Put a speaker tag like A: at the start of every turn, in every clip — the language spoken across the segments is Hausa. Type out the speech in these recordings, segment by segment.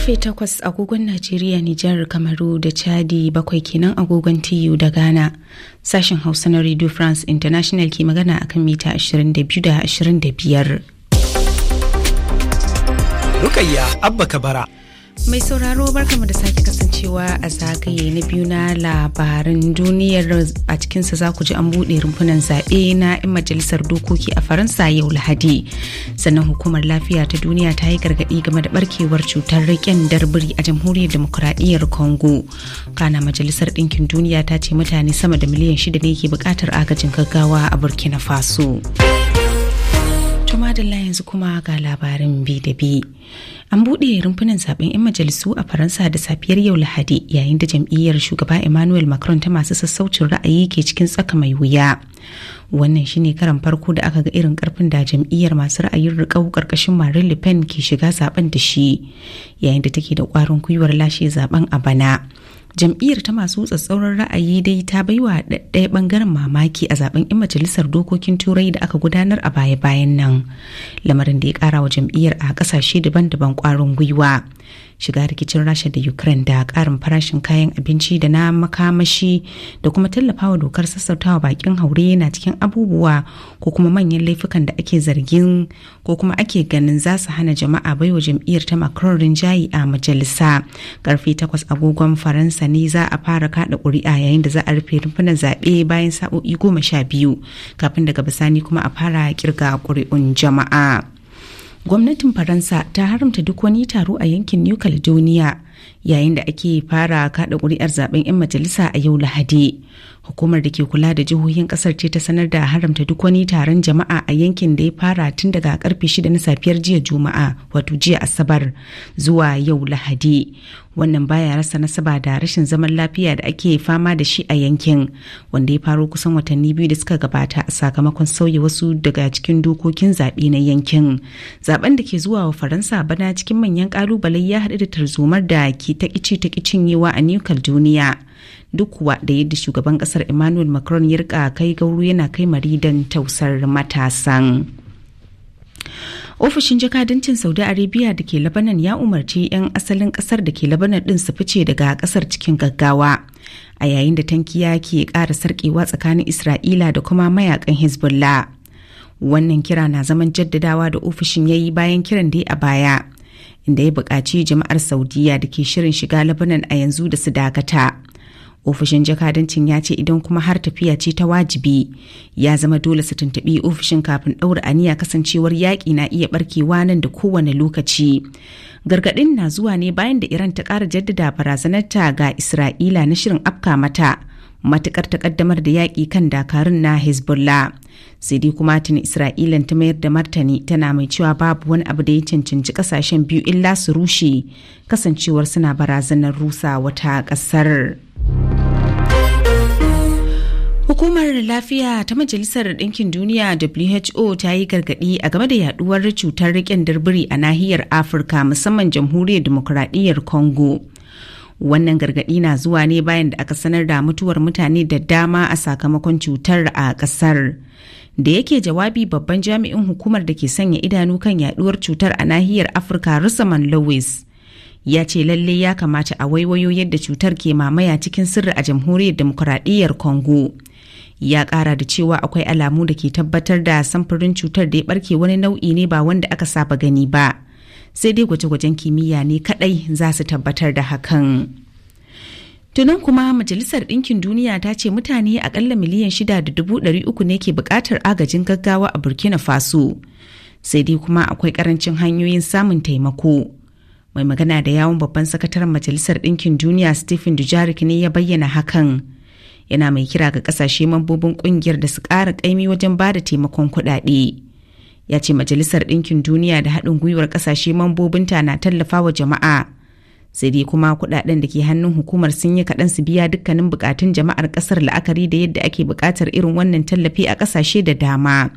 A: karfe takwas agogon Najeriya jihar Kamaru da Chadi bakwai kenan agogon TU da Ghana. Sashen Hausa na Radio France International ke magana a kan mita 22 da 25. Rukayya Abba Kabara Mai sauraro barkamu da sake kasancewa a zagaye na biyu na labarin duniyar a cikinsa za ku ji an buɗe rumfunan zaɓe na 'yan majalisar dokoki a Faransa yau Lahadi. Sannan hukumar lafiya ta duniya ta yi gargaɗi game da barkewar cutar riƙen darbiri a jamhuriyar demokuraɗiyyar Congo. Kana majalisar ɗinkin duniya ta ce mutane sama da miliyan shida ne ke buƙatar agajin gaggawa a Burkina Faso. madalla yanzu kuma ga labarin bi da bi. An buɗe rumfunan zaben 'yan majalisu a Faransa da safiyar yau Lahadi yayin da jam'iyyar shugaba Emmanuel Macron ta masu sassaucin ra'ayi ke cikin tsaka mai wuya. Wannan shine karan farko da aka ga irin karfin da jam'iyyar masu ra'ayin rikau ƙarƙashin Marine Le Pen ke shiga zaben da shi yayin da take da kwarin gwiwar lashe zaben a bana. jam'iyyar ta masu tsatsauran ra'ayi dai ta bai wa ɗaya ɓangaren mamaki a zaben 'yan majalisar dokokin turai da aka gudanar a baya-bayan nan lamarin da ya ƙara wa jam'iyyar a ƙasashe daban-daban ƙwarin gwiwa shiga rikicin rasha da ukraine da karin farashin kayan abinci da na makamashi da kuma tallafawa dokar sassautawa bakin haure na cikin abubuwa ko kuma manyan laifukan da ake zargin ko kuma ake ganin za su hana jama'a baiwa jam'iyyar ta macron rinjaye a majalisa karfe takwas agogon faransa ne za a fara kada kuri'a yayin da za a rufe rumfunan zaɓe bayan sa'o'i goma sha biyu kafin daga bisani kuma a fara kirga kuri'un jama'a. gwamnatin faransa ta haramta duk wani taro a yankin new caledonia yayin da ake fara kada kuri'ar zaben 'yan majalisa a yau lahadi hukumar da ke kula da jihohin kasar ce ta sanar da haramta duk wani taron jama'a a yankin da ya fara tun daga karfe shida na safiyar jiya juma'a wato jiya asabar zuwa yau lahadi wannan baya rasa nasaba da rashin zaman lafiya da ake fama da shi a yankin wanda ya faro kusan watanni biyu da suka gabata a sakamakon sauya wasu daga cikin dokokin zaɓe na yankin zaben da ke zuwa wa faransa bana cikin manyan ƙalubale ya haɗu da tarzomar da baki ta ƙici ta cinyewa a new duniya duk kuwa da yadda shugaban ƙasar emmanuel macron ya rika kai gauru yana kai maridan tausar matasan ofishin jakadancin saudi arabia da ke labanan ya umarci 'yan asalin kasar da ke labanan din su fice daga kasar cikin gaggawa a yayin da tankiya ke ƙara sarkewa tsakanin isra'ila da kuma mayakan hezbollah wannan kira na zaman jaddadawa da ofishin ya yi bayan kiran da a baya da ya buƙaci jama'ar Saudiya da ke shirin shiga labanan a yanzu da su dakata. Ofishin jakadancin ya ce idan kuma har tafiya ce ta wajibi ya zama dole su tuntuɓi ofishin kafin ɗaura aniya kasancewar yaƙi na iya ɓarkewa nan da kowane lokaci. Gargaɗin na zuwa ne bayan da Iran ta ƙara jaddada barazanarta ga Isra'ila na shirin afka mata. matukar takaddamar da yaƙi kan dakarun na hezbollah sai dai kuma tun isra'ila ta mayar da martani tana mai cewa babu wani abu da ya cancanci ƙasashen biyu illa su rushe kasancewar suna barazanar rusa wata ƙasar. Hukumar lafiya ta Majalisar Ɗinkin Duniya WHO ta yi gargaɗi a game da yaduwar cutar riƙen darbiri a nahiyar Afirka musamman jamhuriyar demokuraɗiyyar Congo. Wannan gargaɗi na zuwa ne bayan da aka sanar da mutuwar mutane da dama a sakamakon cutar a ƙasar. da yake jawabi babban jami'in hukumar da ke sanya idanu kan Yaɗuwar cutar a nahiyar afirka rusaman lewis ya ce lalle ya kamata a waiwayo yadda cutar ke mamaya cikin sirri a jamhuriyar demokuraɗiyyar congo ya ƙara da cewa akwai alamu da ke tabbatar da samfurin cutar da ya ɓarke wani nau'i ne ba wanda aka saba gani ba sai dai gwaje-gwajen kimiyya ne kaɗai za su tabbatar da hakan. Tunan kuma Majalisar Ɗinkin Duniya ta ce mutane akalla miliyan shida da dubu ɗari uku ne ke buƙatar agajin gaggawa a Burkina Faso. Sai dai kuma akwai ƙarancin hanyoyin samun taimako. Mai magana da yawon babban sakataren Majalisar Ɗinkin Duniya Stephen Dujarik ne ya bayyana hakan. Yana mai kira ga ƙasashe mambobin ƙungiyar da su ƙara ƙaimi wajen ba da taimakon kuɗaɗe. ya ce majalisar ɗinkin duniya da haɗin gwiwar ƙasashe mambobinta na tallafawa jama'a sai dai kuma kuɗaɗen da ke hannun hukumar sun yi kaɗan su biya dukkanin buƙatun jama'ar ƙasar la'akari da yadda ake buƙatar irin wannan tallafi a ƙasashe da dama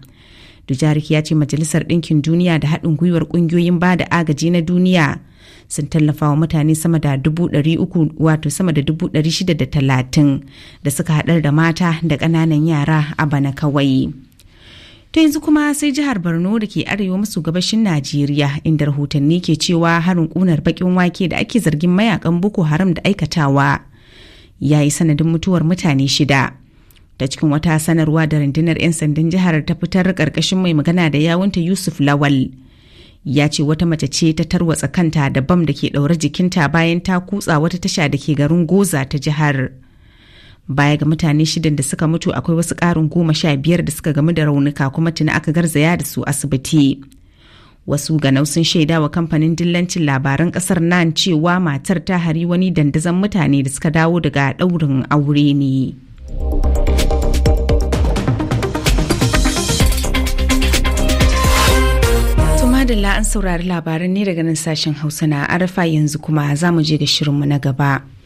A: dujarik ya ce majalisar ɗinkin duniya da haɗin gwiwar ƙungiyoyin ba da agaji na duniya sun tallafa wa mutane sama da dubu ɗari uku wato sama da dubu ɗari shida da talatin da suka haɗar da mata da ƙananan yara a bana kawai. To yanzu kuma sai jihar borno da ke arewa masu gabashin najeriya inda rahotanni ke cewa harin kunar bakin wake da ake zargin mayakan boko haram da aikatawa ya yi sanadin mutuwar mutane shida ta cikin wata sanarwa da rundunar 'yan sandan jihar ta fitar karkashin mai magana da yawunta yusuf lawal ya ce wata mace ce ta tarwatsa kanta da bam da ke ɗaure jikinta bayan ta kutsa wata tasha da ke garin goza ta jihar baya ga mutane shidan da suka mutu akwai wasu ƙarin goma sha biyar da suka gamu da raunuka kuma tuni aka garzaya da su asibiti wasu ganau sun shaida wa kamfanin dillancin labaran kasar nan cewa matar ta hari wani dandazon mutane da suka dawo daga ɗaurin aure ne madalla an saurari labaran ne daga nan sashen hausa na arafa yanzu kuma za mu je ga shirinmu na gaba